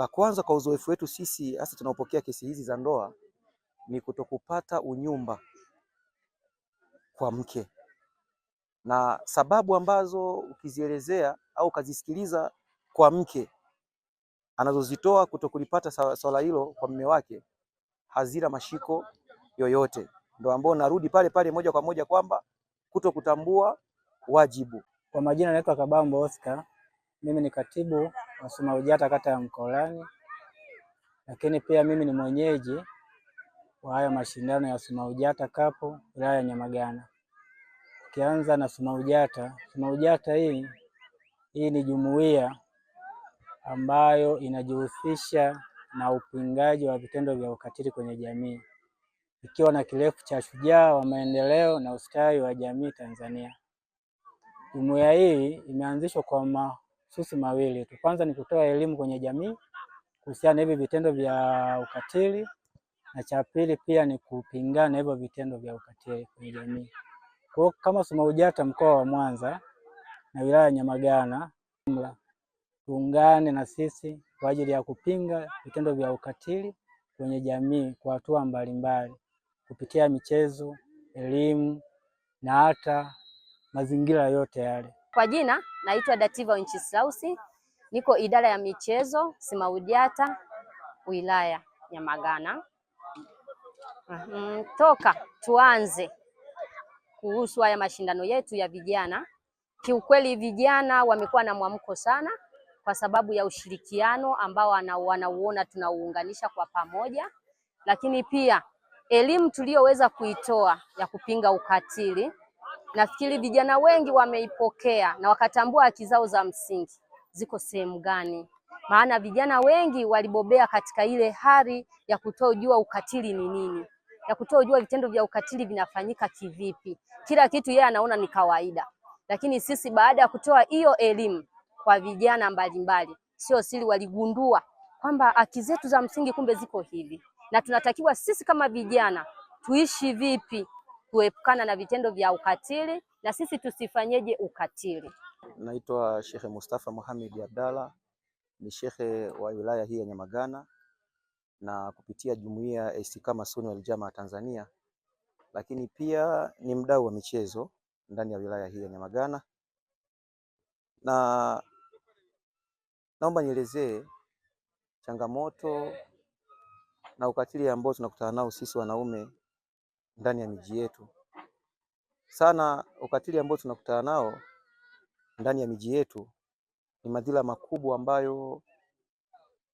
La kwanza kwa uzoefu wetu sisi hasa tunaopokea kesi hizi za ndoa ni kutokupata unyumba kwa mke, na sababu ambazo ukizielezea au ukazisikiliza kwa mke anazozitoa kutokulipata swala hilo kwa mume wake hazina mashiko yoyote. Ndo ambao narudi pale pale moja kwa moja kwamba kuto kutambua wajibu. Kwa majina naitwa Kabambo Oscar, mimi ni katibu Wasuma Ujata, kata ya Mkolani, lakini pia mimi ni mwenyeji wa haya mashindano ya Suma Ujata Cup wilaya ya Nyamagana. Ukianza na Suma Ujata, Suma Ujata hii hii ni jumuiya ambayo inajihusisha na upingaji wa vitendo vya ukatili kwenye jamii ikiwa na kirefu cha shujaa wa maendeleo na ustawi wa jamii Tanzania. Jumuiya hii imeanzishwa kwa ma hususi mawili tu. Kwanza ni kutoa elimu kwenye jamii kuhusiana na hivi vitendo vya ukatili, na cha pili pia ni kupingana hivyo vitendo vya ukatili kwenye jamii. Kwa hiyo kama SMAUJATA mkoa wa Mwanza na wilaya ya Nyamagana mla tuungane na sisi kwa ajili ya kupinga vitendo vya ukatili kwenye jamii kwa hatua mbalimbali kupitia michezo, elimu na hata mazingira yote yale. Kwa jina naitwa Dativa Wenceslausi, niko idara ya michezo Simaudiata, wilaya Nyamagana. Mhm, toka tuanze kuhusu haya mashindano yetu ya vijana, kiukweli vijana wamekuwa na mwamko sana kwa sababu ya ushirikiano ambao wanauona tunauunganisha kwa pamoja, lakini pia elimu tuliyoweza kuitoa ya kupinga ukatili Nafikiri vijana wengi wameipokea na wakatambua haki zao za msingi ziko sehemu gani, maana vijana wengi walibobea katika ile hali ya kutojua ukatili ni nini, ya kutojua vitendo vya ukatili vinafanyika kivipi. Kila kitu yeye anaona ni kawaida, lakini sisi baada ya kutoa hiyo elimu kwa vijana mbalimbali, sio siri, waligundua kwamba haki zetu za msingi kumbe ziko hivi, na tunatakiwa sisi kama vijana tuishi vipi kuepukana na vitendo vya ukatili na sisi tusifanyeje ukatili. Naitwa Shekhe Mustafa muhamedi Abdalla, ni shekhe wa wilaya hii ya Nyamagana, na kupitia jumuiya ya Istiqama Sunni wal Jamaa Tanzania, lakini pia ni mdau wa michezo ndani ya wilaya hii ya Nyamagana, na naomba nielezee changamoto na ukatili ambao tunakutana nao sisi wanaume ndani ya miji yetu. Sana ukatili ambao tunakutana nao ndani ya miji yetu ni madhila makubwa ambayo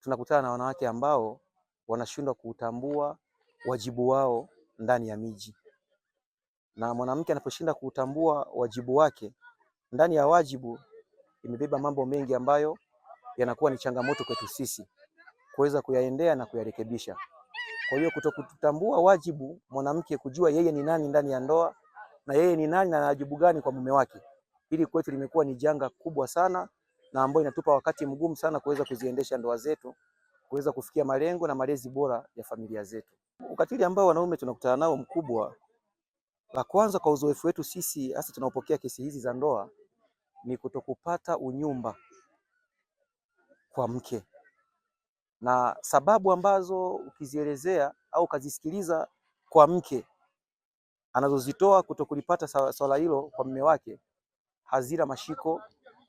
tunakutana na wanawake ambao wanashindwa kuutambua wajibu wao ndani ya miji, na mwanamke anaposhinda kuutambua wajibu wake ndani ya wajibu, imebeba mambo mengi ambayo yanakuwa ni changamoto kwetu sisi kuweza kuyaendea na kuyarekebisha. Kwa hiyo kutokutambua wajibu mwanamke kujua yeye ni nani ndani ya ndoa na yeye ni nani na wajibu gani kwa mume wake, hili kwetu limekuwa ni janga kubwa sana na ambayo inatupa wakati mgumu sana kuweza kuziendesha ndoa zetu kuweza kufikia malengo na malezi bora ya familia zetu. Ukatili ambao wanaume tunakutana nao mkubwa, la kwanza, kwa uzoefu wetu sisi hasa tunaopokea kesi hizi za ndoa, ni kutokupata unyumba kwa mke na sababu ambazo ukizielezea au ukazisikiliza kwa mke anazozitoa kutokulipata swala hilo kwa mume wake hazina mashiko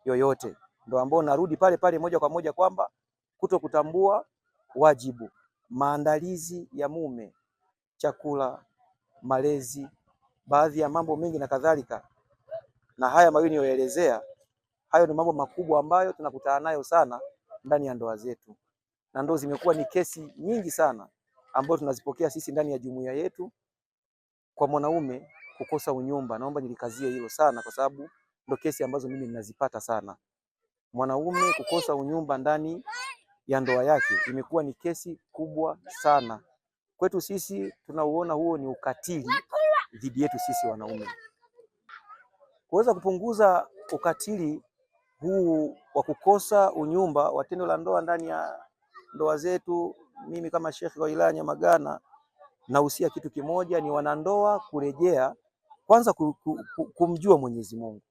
yoyote. Ndio ambao narudi pale pale moja kwa moja kwamba kuto kutambua wajibu, maandalizi ya mume, chakula, malezi, baadhi ya mambo mengi na kadhalika. Na haya mawili niyoelezea, hayo ni mambo makubwa ambayo tunakutana nayo sana ndani ya ndoa zetu na ndo zimekuwa ni kesi nyingi sana ambazo tunazipokea sisi ndani ya jumuiya yetu kwa mwanaume kukosa unyumba. Naomba nilikazie hilo sana, kwa sababu ndo kesi ambazo mimi ninazipata sana. Mwanaume kukosa unyumba ndani ya ndoa yake imekuwa ni kesi kubwa sana kwetu sisi. Tunauona huo ni ukatili dhidi yetu sisi wanaume. Kuweza kupunguza ukatili huu wa kukosa unyumba wa tendo la ndoa ndani ya ndoa zetu, mimi kama shekhi wa wilaya Nyamagana nahusia kitu kimoja, ni wanandoa kurejea kwanza kumjua Mwenyezi Mungu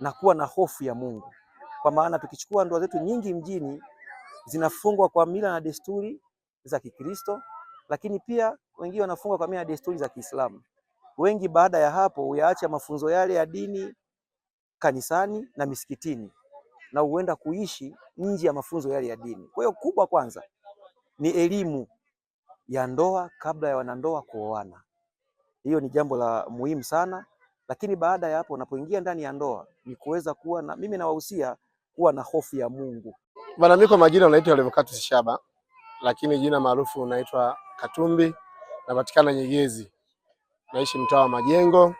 na kuwa na hofu ya Mungu, kwa maana tukichukua ndoa zetu nyingi mjini zinafungwa kwa mila na desturi za Kikristo, lakini pia wengi wanafungwa kwa mila na desturi za Kiislamu. Wengi baada ya hapo huyaacha mafunzo yale ya dini kanisani na misikitini na huenda kuishi nje ya mafunzo yale ya dini. Kwa hiyo kubwa kwanza ni elimu ya ndoa kabla ya wanandoa kuoana. Hiyo ni jambo la muhimu sana, lakini baada ya hapo unapoingia ndani ya ndoa ni kuweza kuwa na, mimi nawahusia kuwa na hofu ya Mungu. Bwana, mimi kwa majina unaitwa Revocatus Shaba, lakini jina maarufu unaitwa Katumbi. Napatikana Nyegezi, naishi mtaa wa Majengo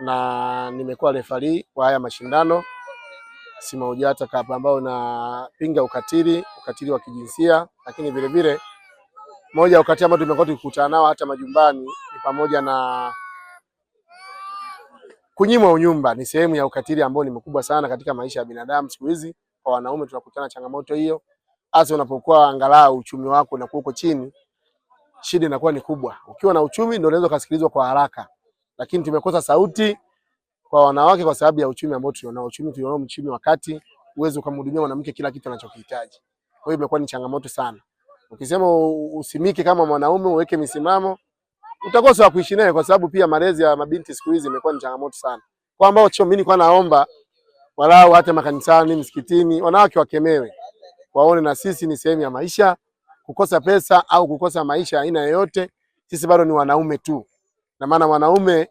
na nimekuwa refari kwa haya mashindano SMAUJATA Cup ambayo inapinga ukatili, ukatili wa kijinsia, lakini vilevile moja ya ambao tumekuwa tukikutana nao hata majumbani ni pamoja na kunyimwa unyumba. Ni sehemu ya ukatili ambao ni mkubwa sana katika maisha ya binadamu. Siku hizi kwa wanaume tunakutana changamoto hiyo, hasa unapokuwa angalau uchumi wako unakuwa uko chini, shida inakuwa ni kubwa. Ukiwa na uchumi ndio unaweza ukasikilizwa kwa haraka, lakini tumekosa sauti kwa wanawake kwa sababu ya uchumi ambao tulionao. Uchumi tulionao mchini wakati uwezo kumhudumia mwanamke kila kitu anachokihitaji. Kwa hiyo imekuwa ni changamoto sana. Ukisema usimike kama mwanaume uweke misimamo, utakosa wa kuishi naye kwa sababu pia malezi ya mabinti siku hizi imekuwa ni changamoto sana. Kwa ambao cho mimi kwa naomba walau hata makanisani, msikitini, wanawake wakemewe. Waone na sisi ni sehemu ya maisha. Kukosa pesa au kukosa maisha aina yoyote, sisi bado ni wanaume tu. Na maana wanaume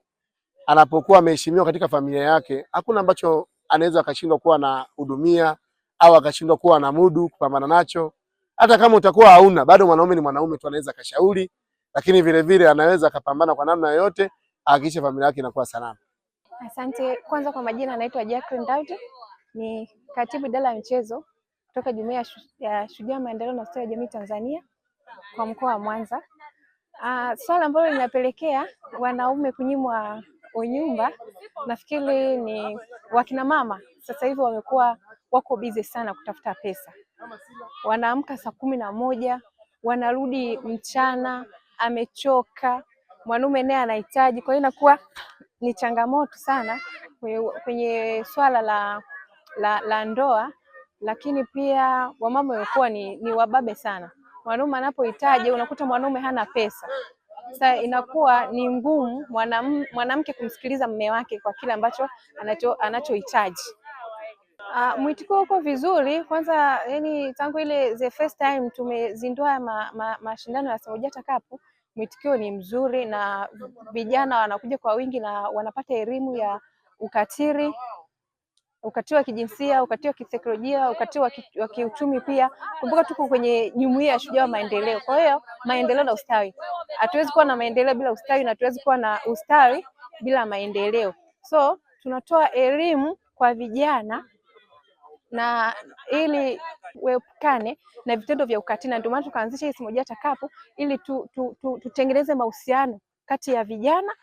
anapokuwa ameheshimiwa katika familia yake, hakuna ambacho anaweza akashindwa kuwa na hudumia au akashindwa kuwa na mudu kupambana nacho. Hata kama utakuwa hauna bado, mwanaume ni mwanaume tu, anaweza akashauri, lakini vile vile anaweza akapambana kwa namna yoyote ahakikishe familia yake inakuwa salama. Asante. Kwanza kwa majina, anaitwa Jacqueline Daudi, ni katibu idara ya michezo kutoka jumuiya ya Shujaa Maendeleo na Ustawi wa Jamii Tanzania kwa mkoa wa Mwanza. Uh, swala ambalo linapelekea wanaume kunyimwa Unyumba nafikiri ni wakina mama sasa hivi wamekuwa wako bize sana kutafuta pesa, wanaamka saa kumi na moja wanarudi mchana, amechoka mwanaume naye anahitaji. Kwa hiyo inakuwa ni changamoto sana kwenye swala la, la, la ndoa, lakini pia wamama wamekuwa ni, ni wababe sana. Mwanaume anapohitaji unakuta mwanaume hana pesa, Sa inakuwa ni ngumu mwanamke kumsikiliza mume wake kwa kile ambacho anachohitaji. Uh, mwitikio uko vizuri kwanza, yani tangu ile the first time tumezindua mashindano ma, ma ya Samujata Cup, mwitikio ni mzuri na vijana wanakuja kwa wingi na wanapata elimu ya ukatiri ukatili wa kijinsia, ukatili wa kisaikolojia, ukatili wa kiuchumi pia. Kumbuka tuko kwenye jumuiya ya shujaa wa maendeleo. Kwa hiyo maendeleo na ustawi, hatuwezi kuwa na maendeleo bila ustawi na hatuwezi kuwa na ustawi bila maendeleo. So tunatoa elimu kwa vijana na ili uepukane na vitendo vya ukatili, na ndio maana tukaanzisha hii SMAUJATA Cup ili tu, tu, tu, tutengeneze mahusiano kati ya vijana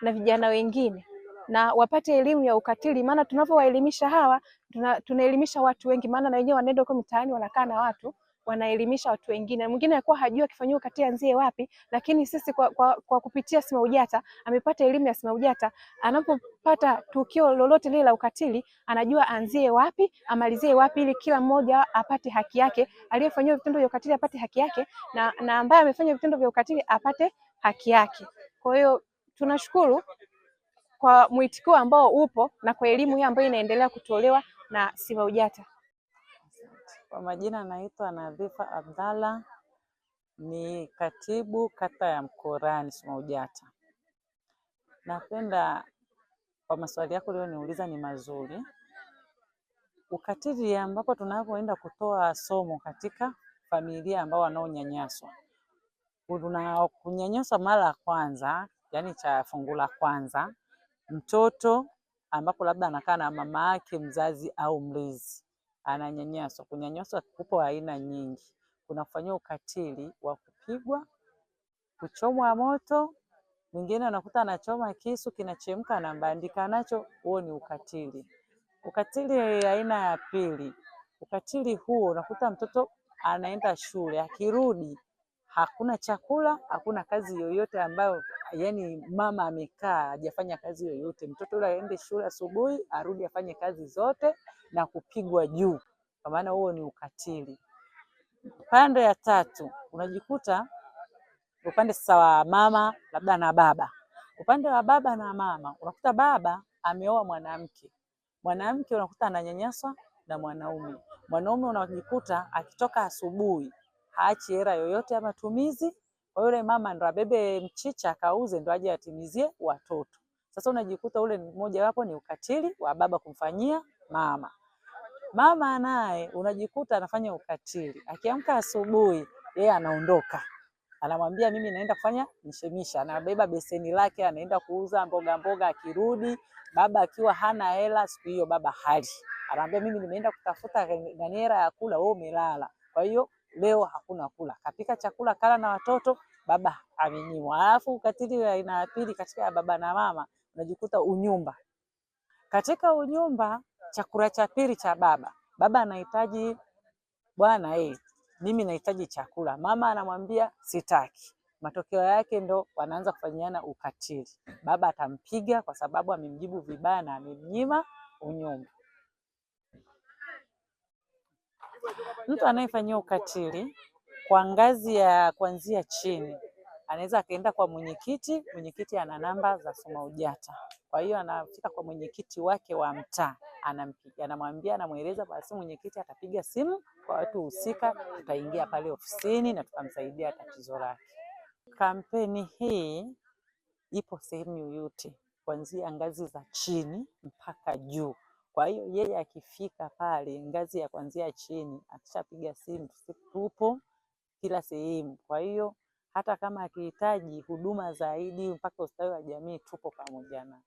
na vijana wengine na wapate elimu ya ukatili, maana tunavyowaelimisha hawa tuna, tunaelimisha watu wengi, maana na wenyewe wanaenda huko mitaani wanakaa na watu wanaelimisha watu wengine. Mwingine alikuwa hajui akifanyiwa ukatili anzie wapi, lakini sisi kwa, kwa, kwa kupitia Sema Ujata amepata elimu ya Sema Ujata. Anapopata tukio lolote lile la ukatili, anajua anzie wapi amalizie wapi, ili kila mmoja apate haki yake, aliyefanyiwa vitendo vya ukatili apate haki yake, na, na ambaye amefanya vitendo vya ukatili apate haki yake. Kwa hiyo tunashukuru kwa mwitikio ambao upo na kwa elimu hii ambayo inaendelea kutolewa na SIVAUJATA. Kwa majina naitwa Nadhifa Abdalla, ni katibu kata ya Mkorani SIVAUJATA. Napenda kwa maswali yako ulioniuliza ni mazuri. Ukatili ambapo tunapoenda kutoa somo katika familia ambao wanaonyanyaswa, unakunyanyaswa mara ya kwanza, yani cha fungu la kwanza mtoto ambapo labda anakaa na mama yake mzazi au mlezi, ananyanyaswa. Kunyanyaswa kupo aina nyingi, kuna kufanyia ukatili wa kupigwa, kuchomwa moto. Mwingine anakuta anachoma kisu kinachemka, anabandika nacho, huo ni ukatili. Ukatili aina ya pili, ukatili huo unakuta mtoto anaenda shule, akirudi hakuna chakula, hakuna kazi yoyote ambayo yani mama amekaa hajafanya kazi yoyote, mtoto yule aende shule asubuhi, arudi afanye kazi zote na kupigwa juu, kwa maana huo ni ukatili. Pande ya tatu unajikuta upande sasa wa mama labda na baba, upande wa baba na mama unakuta baba ameoa mwanamke, mwanamke unakuta ananyanyaswa na mwanaume, mwanaume unajikuta akitoka asubuhi haachi hela yoyote ya matumizi kwa yule mama ndo abebe mchicha akauze ndo aje atimizie watoto. Sasa unajikuta ule mmoja wapo ni ukatili wa baba kumfanyia mama. Mama naye unajikuta anafanya ukatili. Akiamka asubuhi, yeye anaondoka, anamwambia mimi naenda kufanya mshemisha. anabeba beseni lake anaenda kuuza mboga mboga. Akirudi baba akiwa hana hela, siku hiyo baba hali, anamwambia mimi nimeenda kutafuta ganiera ya kula, wewe umelala. Kwa hiyo leo hakuna kula, kapika chakula kala na watoto, baba amenyimwa. Alafu ukatili wa aina ya pili katika ya baba na mama, unajikuta unyumba. Katika unyumba, chakula cha pili cha baba, baba anahitaji bwana, eh, mimi nahitaji chakula, mama anamwambia sitaki. Matokeo yake ndo wanaanza kufanyiana ukatili. Baba atampiga kwa sababu amemjibu vibaya na amemnyima unyumba. Mtu anayefanyia ukatili kwa ngazi ya kuanzia chini anaweza akaenda kwa mwenyekiti, mwenyekiti ana namba za Suma Ujata. Kwa hiyo anafika kwa mwenyekiti wake wa mtaa, anampiga, anamwambia, anamweleza, basi mwenyekiti atapiga simu kwa watu husika, tutaingia pale ofisini na tutamsaidia tatizo lake. Kampeni hii ipo sehemu yoyote, kuanzia ngazi za chini mpaka juu. Kwa hiyo yeye akifika pale ngazi ya kuanzia chini, akishapiga simu tupo kila sehemu. Kwa hiyo hata kama akihitaji huduma zaidi mpaka ustawi wa jamii, tupo pamoja naye.